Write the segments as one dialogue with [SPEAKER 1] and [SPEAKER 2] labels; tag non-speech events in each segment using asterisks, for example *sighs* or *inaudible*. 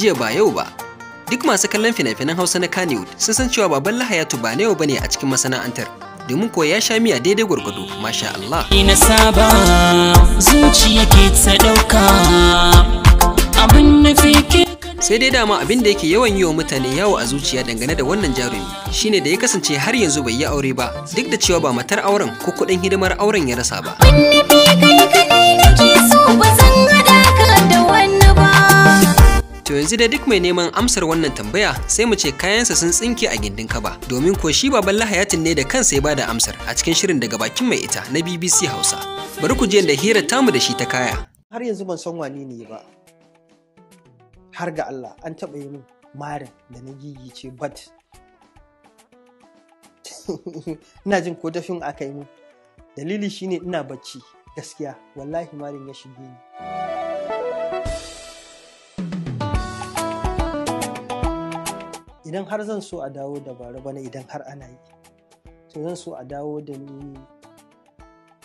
[SPEAKER 1] jiya ba yau ba. Duk masu kallon fina-finan Hausa na Kannywood sun san cewa baban Lahayatu ba na yau bane a cikin masana'antar. Domin ko ya sha miya daidai gwargwado, masha Allah. Ina sai dai dama abin da yake yawan yi wa mutane yawo a zuciya dangane da wannan jarumi shine da ya kasance har yanzu bai yi aure ba duk da cewa ba matar auren ko kuɗin hidimar auren ya rasa ba. yanzu dai duk mai neman amsar wannan tambaya sai mu ce kayansa sun tsinke a gindin kaba domin ko shi baban lahayatin ne da kansa ya bada amsar a cikin shirin daga bakin mai ita na BBC Hausa. Bari ku je da hira tamu da shi ta kaya.
[SPEAKER 2] Har yanzu ban san wani ne ba. Har ga Allah an taba yi min marin da na gigice bat. *laughs* Ina jin ko dafin aka yi min. Dalili shine ina bacci gaskiya wallahi marin ya shige ni. idan har zan so a dawo da bara bana idan har ana yi to zan so a dawo da ni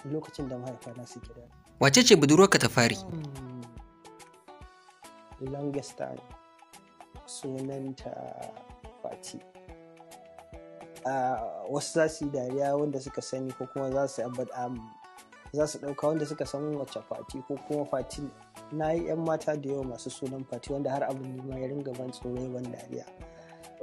[SPEAKER 2] lokacin da mahaifana suke da
[SPEAKER 1] wace ce budurwarka ta fari hmm.
[SPEAKER 2] longest time sunanta fati wasu za su yi dariya wanda suka sani ko kuma za su za su ɗauka wanda suka san wacce fati ko kuma fati na yi 'yan mata da yawa masu sunan fati wanda har abin ma ya ringa ban tsoro ban dariya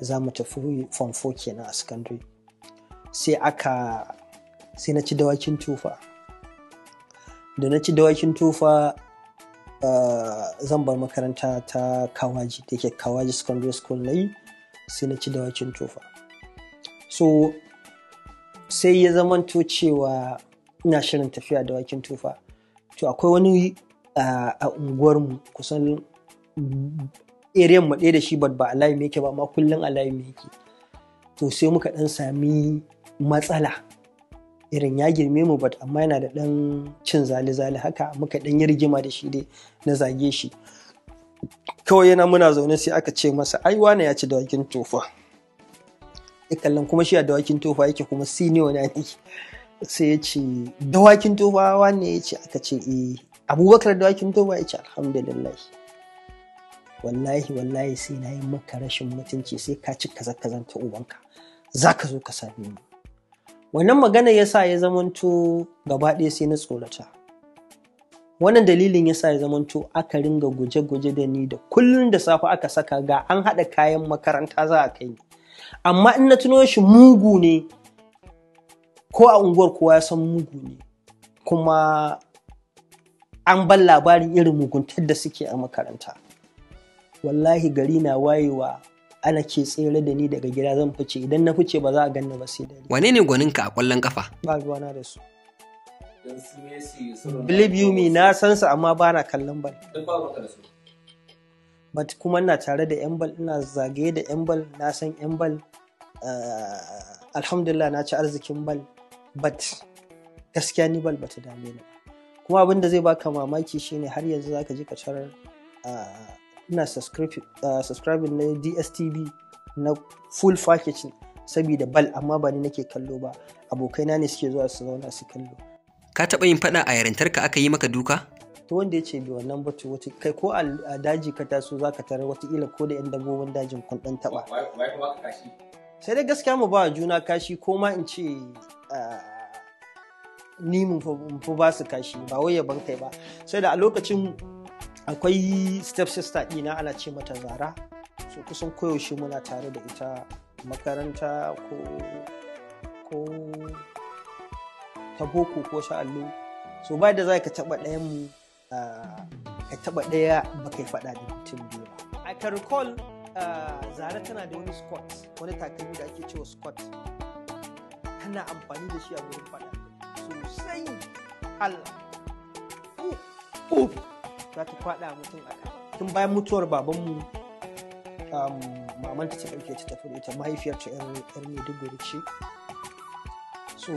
[SPEAKER 2] za mu tafi form 4 kenan a secondary sai aka sai na ci dawakin tufa da na ci dawakin tufa eh, zan bar makaranta ta kawaji da ke kawaji secondary school na yi sai na ci dawakin tufa so sai ya to cewa ina shirin tafiya da wakin tufa to akwai wani eh, a unguwarmu kusan area mu ɗaya da shi ba ba alayi yake ba amma kullum alayi yake to sai muka ɗan sami matsala irin ya girme mu bat amma yana da ɗan cin zali-zali haka muka ɗan yi rigima da shi dai na zage shi kawai yana muna zaune sai aka ce masa ai wane ya ci dawakin tofa ya kallon kuma shi a dawakin tofa yake kuma senior na ni sai ya ce dawakin tofa wane ya ce aka ce eh abubakar dawakin tofa ya ce alhamdulillah wallahi wallahi sai na yi maka rashin mutunci sai ka ci kaza kazan ta ubanka za ka zo ka same ni wannan magana ya sa ya zamanto gaba ɗaya sai na tsorata wannan dalilin ya sa ya zamanto aka ringa guje-guje da ni da kullum da safe aka saka ga an haɗa kayan makaranta za a kai amma in na tuno shi mugu ne ko a unguwar kowa ya san mugu ne kuma an ban labarin irin muguntar da suke a makaranta wallahi gari na wayewa ana ke tsere da ni daga gida zan fice idan na fice ba za a ganna ba sai da
[SPEAKER 1] ni wane ne gwaninka a kwallon
[SPEAKER 2] kafa ba na da su believe you me na san su amma ba na kallon bal but kuma ina tare da yan bal ina zagaye da yan bal na san yan bal eh, alhamdulillah na ci arzikin bal but gaskiya ni bal ba ta dame ni kuma abin da zai baka mamaki shine har yanzu zaka ji ka tarar eh, ina subscribe uh, na dstv na full package saboda bal amma ba ni nake kallo ba abokaina
[SPEAKER 1] ne suke zuwa su zauna su kallo ka taba yin faɗa a ka aka yi maka duka to wanda
[SPEAKER 2] yace ce bi wannan ba to wata kai ko a daji ka taso zaka tarar ila ko da yan dabbobin dajin kun ɗan taɓa sai dai gaskiya mu ba juna kashi ko ma in ce ni mun fi ba su kashi ba wai ya kai ba sai da a lokacin akwai step sister ɗina ana ce mata zara so kusan koyaushe muna tare da ita makaranta ko ko ta boko ko sha allo so bai da za ka taba ɗayan mu ka taɓa ɗaya ba kai faɗa da mutum biyu ba i ka recall zara tana da wani squat wani takalmi da ake cewa squat tana amfani da shi a wurin faɗa sosai allah za ta mutum a kan tun bayan mutuwar babanmu um, mamanta ta ɗauke ta tafi da ita mahaifiyar ta yar maiduguri ce so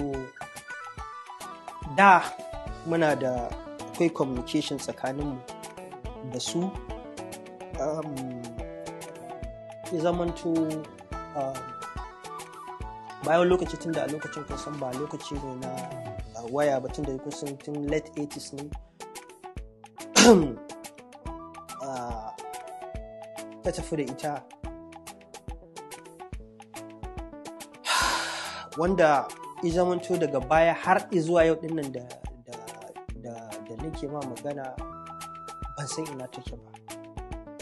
[SPEAKER 2] da muna da akwai communication tsakaninmu da su um, ya zamanto um, bayan lokaci tun da a lokacin kusan ba lokaci ne na uh, waya ba tun da kusan tun late 80s ne *clears throat* Ah, ta tafi da ita *sighs* wanda i zamanto daga baya har zuwa yau dinnan da da nake ma magana ban san ina take ba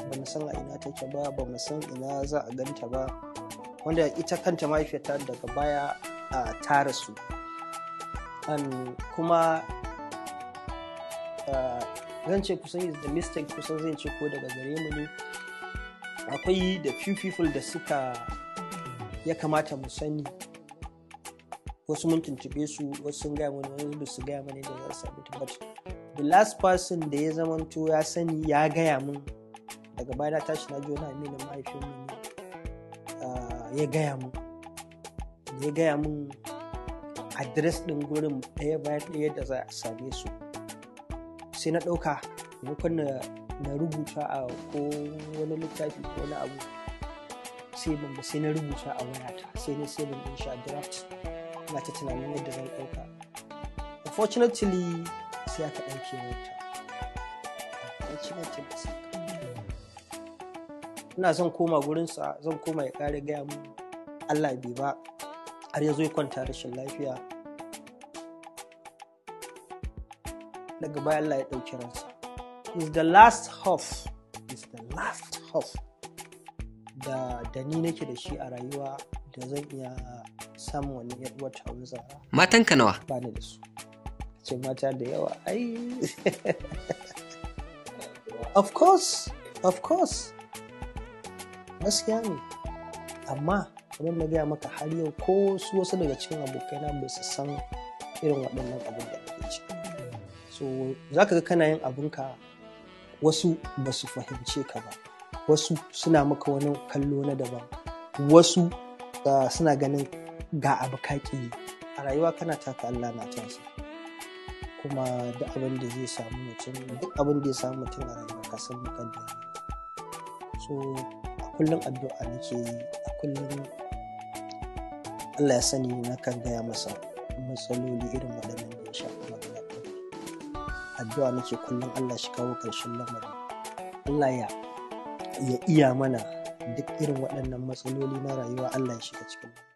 [SPEAKER 2] ban san a ina take ba ba san ina za a ganta ba wanda ita kanta mahaifiyata daga baya a tara su kuma zan ce kusan is the mistake kusan zan ce ko daga gare mu ne akwai da few people da suka ya kamata mu sani wasu mun tuntube su wasu sun gaya mana wasu ba su gaya mana da za su but the last person da ya zamanto ya sani ya gaya mun daga baya na tashi na jona na mahaifin mu ne ah, ya gaya mun ya gaya mun adres din gurin ɗaya bayan ɗaya da za a same su sai na ɗauka maimakon na rubuta a ko wani littafi ko wani abu sai ban sai na rubuta a wayata sai na sai ban din shi a draft na ta tunanin yadda zan ɗauka unfortunately sai aka ɗauke wata unfortunately ina zan koma gurinsa zan koma ya ƙara gaya mu Allah bai ba har ya zo ya kwanta rashin lafiya daga baya Allah ya ɗauki ransa is the last half is the last half da da ni nake da shi a rayuwa da zan iya samun wani yar uwar ta zara
[SPEAKER 1] matan ka nawa
[SPEAKER 2] ba ni da su ce mata da yawa ai *laughs* of course of course gaskiya ne amma kamar na gaya maka har yau ko su wasu daga cikin abokaina bai su san irin waɗannan abin da so za ka ga kana yin abinka wasu ba su fahimce ka ba wasu suna maka wani kallo na daban wasu uh, suna ganin ga abu kaki a rayuwa kana taka Allah na tansa kuma duk abin da zai samu mutum duk abin da ya samu mutum a rayuwa ka san mukaddar so a kullum addu'a nake yi a kullum Allah ya sani na kan gaya masa matsaloli irin waɗannan addu'a nake kullum Allah shi kawo ƙarshen lamari Allah ya ya iya mana duk irin waɗannan matsaloli na rayuwa Allah ya shiga cikin